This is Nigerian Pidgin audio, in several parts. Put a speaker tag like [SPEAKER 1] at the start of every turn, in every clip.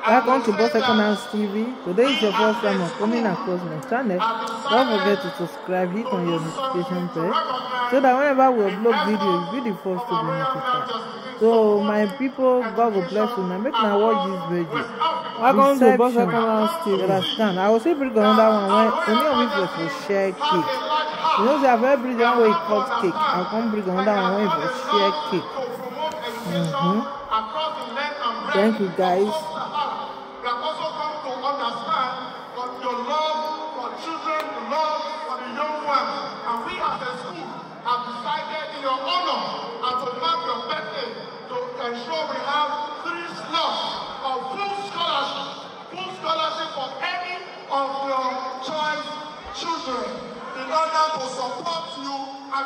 [SPEAKER 1] Welcome to Boss Economics TV. Today is your first time of coming across my channel. Don't forget to subscribe, hit on your notification bell so that whenever we upload videos, you be the first to be notified. So, my people, God will bless you. Now, make my watch this video. Welcome to Boss Economics TV. Understand? I will say bring another one when only of it was for share cake. You know, they have every day where way cut cake. I come bring another one when it was share cake.
[SPEAKER 2] Mm-hmm. Thank you guys.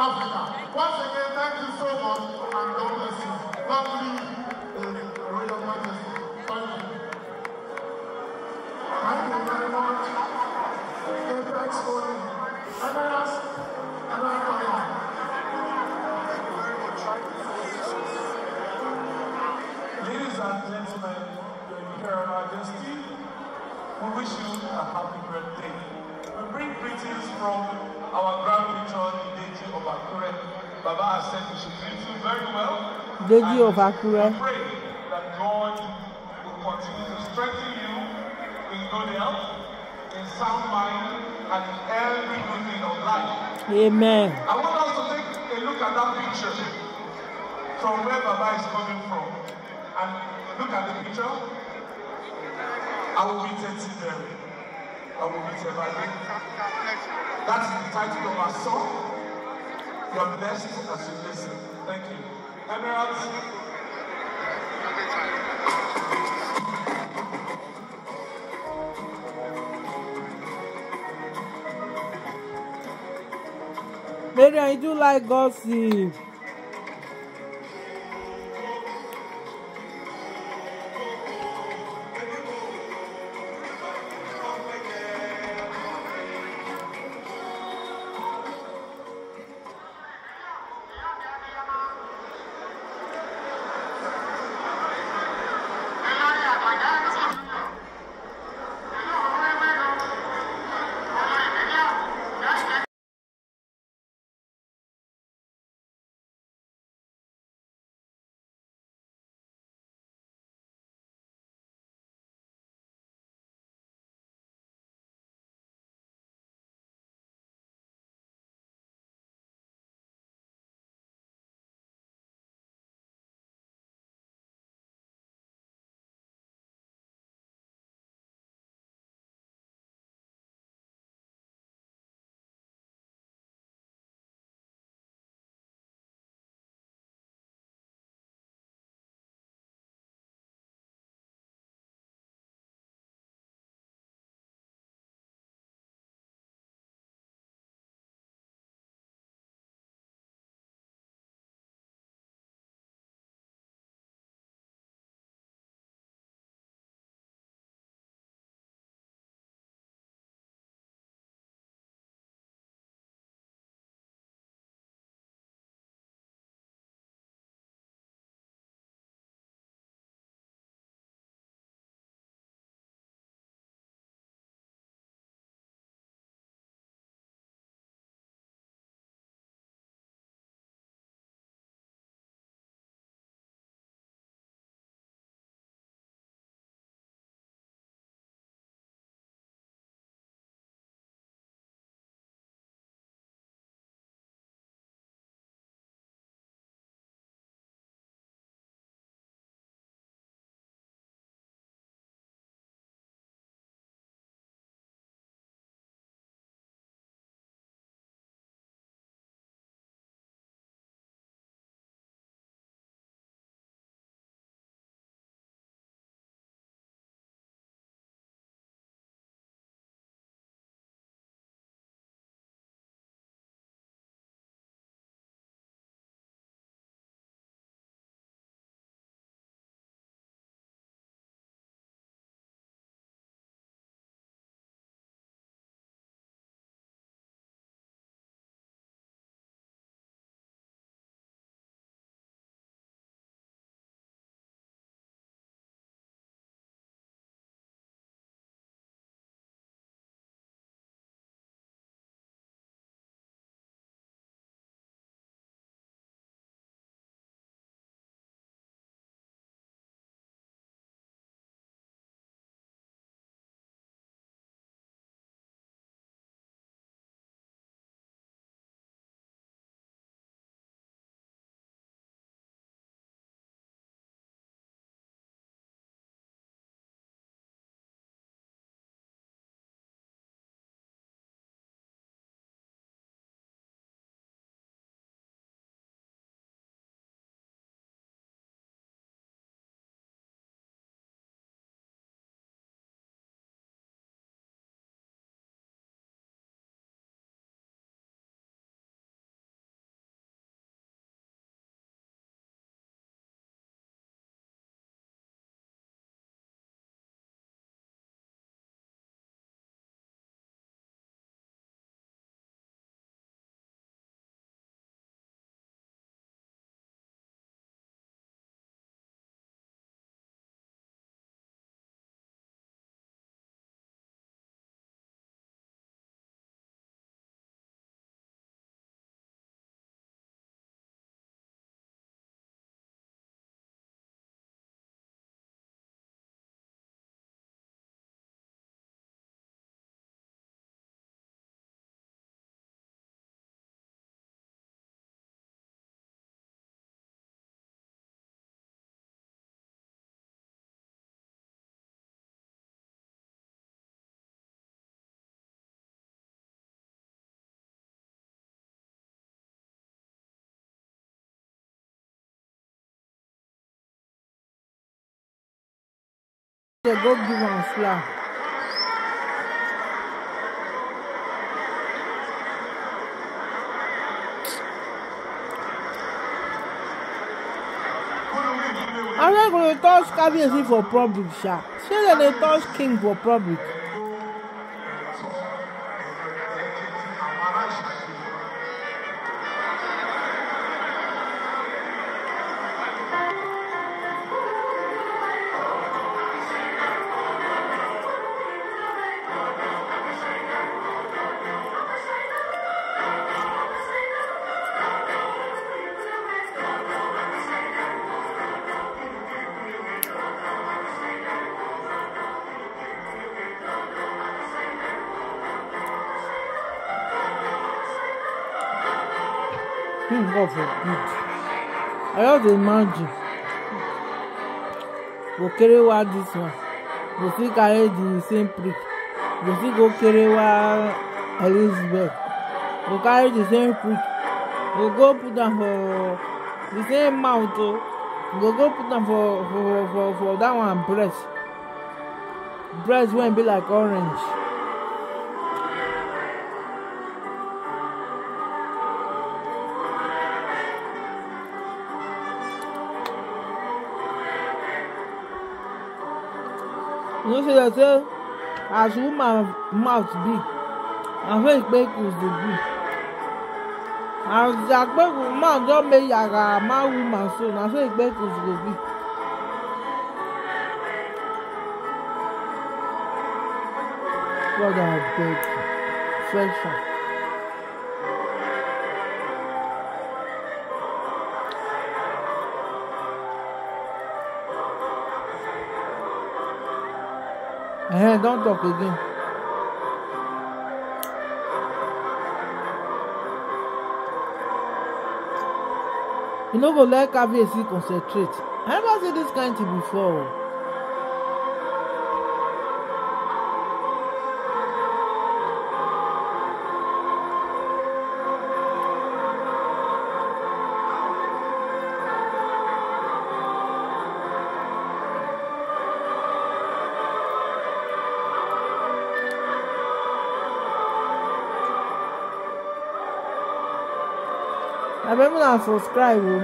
[SPEAKER 2] Africa. Once again, thank you so much and God bless you.
[SPEAKER 1] Deji of Akure.
[SPEAKER 2] that God will continue to strengthen you in good health,
[SPEAKER 1] in sound mind, and in every good thing of life. Amen. I want
[SPEAKER 2] us to take a look at that picture from where Baba is coming from. And look at the picture. I will be testing them. I will be everybody. That's the title of our song. You're blessed as you listen. Thank you.
[SPEAKER 1] Maybe I do like gossip. dey o give am flower. i no go dey touch kábíyèsí for public sha shey dem dey touch king for God forbid I just dey imagine go carry wa this one go fit carry the same prick go fit go carry wa Elizabeth go carry the same prick go go put them for the same mouth o oh. go go put them for for for for that one breast breast wey be like orange. you say dem say as woman mouth big na so ikpekus dey be as akpeku man don make yaga yagama woman so na so ikpekus go be. God abeg, fresh am. Hey, don't talk again. You no go let Kabiyesi concentrate. I never see this kind thing before. abeg una subscribe o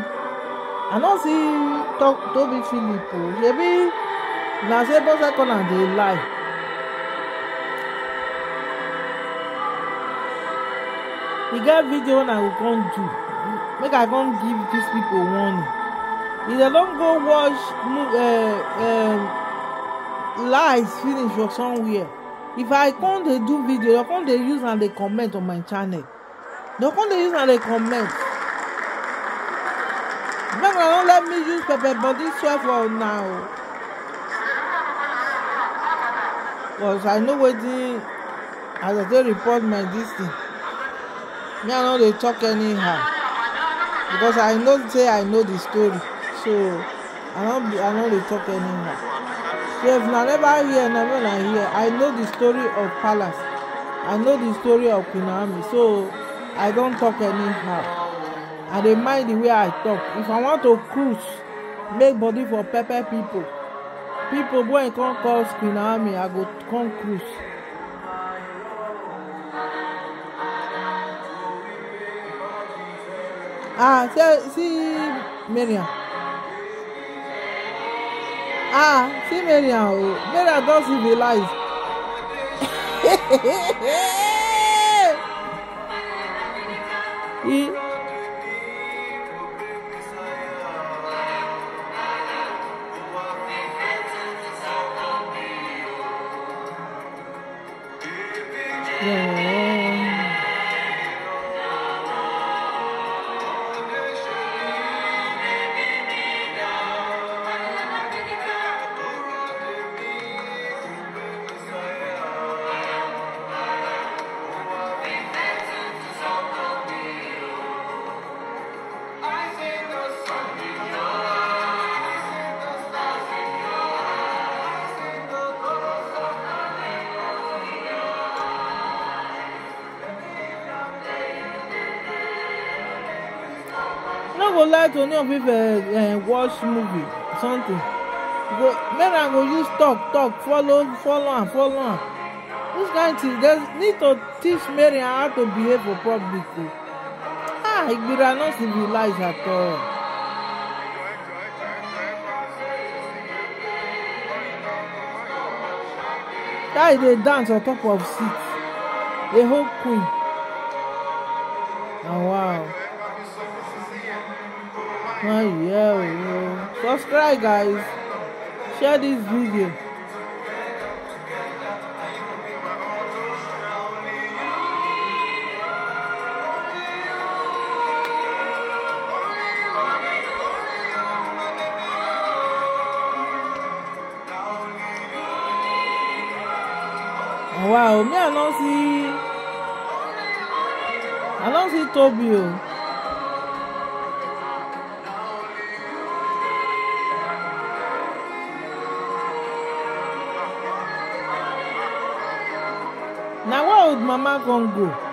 [SPEAKER 1] i no see talk tobi philip o shebi na say bose corner dey lie. e get video wey i go come do make i come give dis pipo warning if dem don go watch uh, eh, uh, eh, lies finish for somewhere if i come dey do video dem come dey use am dey comment on my channel dem come dey use am dey comment camera don't let me use Bebe Body swear for now. Because I know wetin as I dey report my dis thing. Me I no dey talk anyhow. Because I know say I know the story. So I don't, be I no dey talk anyhow. So if na never hear na never na hear. I know the story of Palace. I know the story of Queen So I don't talk anyhow i dey mind the way i talk if i want to cruise make body for pepper people people wey come call queen army i go come cruise. ah see see mariam ah see mariam o oh. mariam don civilize. he would like to know if uh, uh, watch movie something But make i go use talk talk follow follow am follow this kind thing dey need to teach mary how to behave for public o ah igbira the lies at all. That is a dance on top of seats. dey whole queen oh, wow one yeah, ooo oh. subscribe guys share this video. wow me i don't see i don't see tobi oh. dodoma go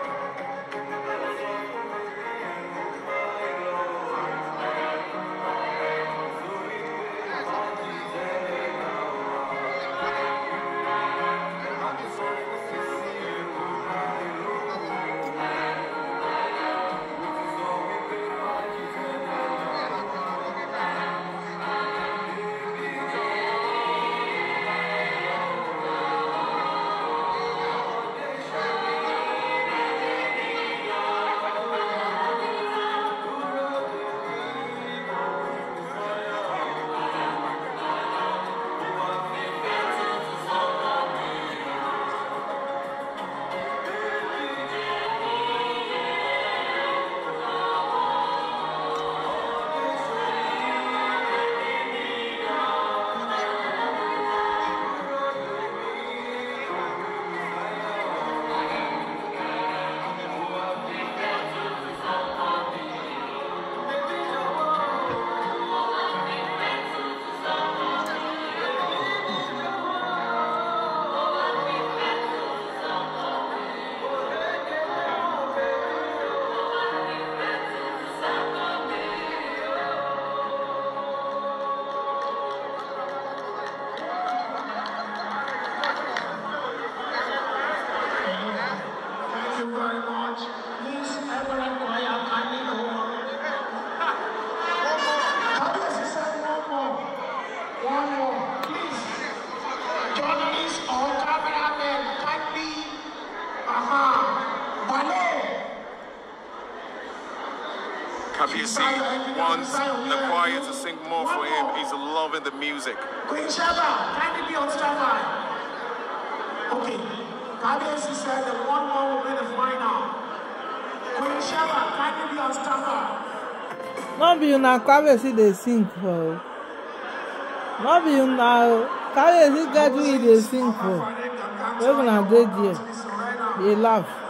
[SPEAKER 2] Kabiusi wants the choir to
[SPEAKER 1] sing more for him. He's loving the music.
[SPEAKER 2] Queen Shaba, can you be on standby. Okay. Kabiusi said that one more will be the final. Queen Shaba, can you be on standby.
[SPEAKER 1] no be una kabesi they sing for no be una kabesi get who e dey sing for Even I did there dey laugh.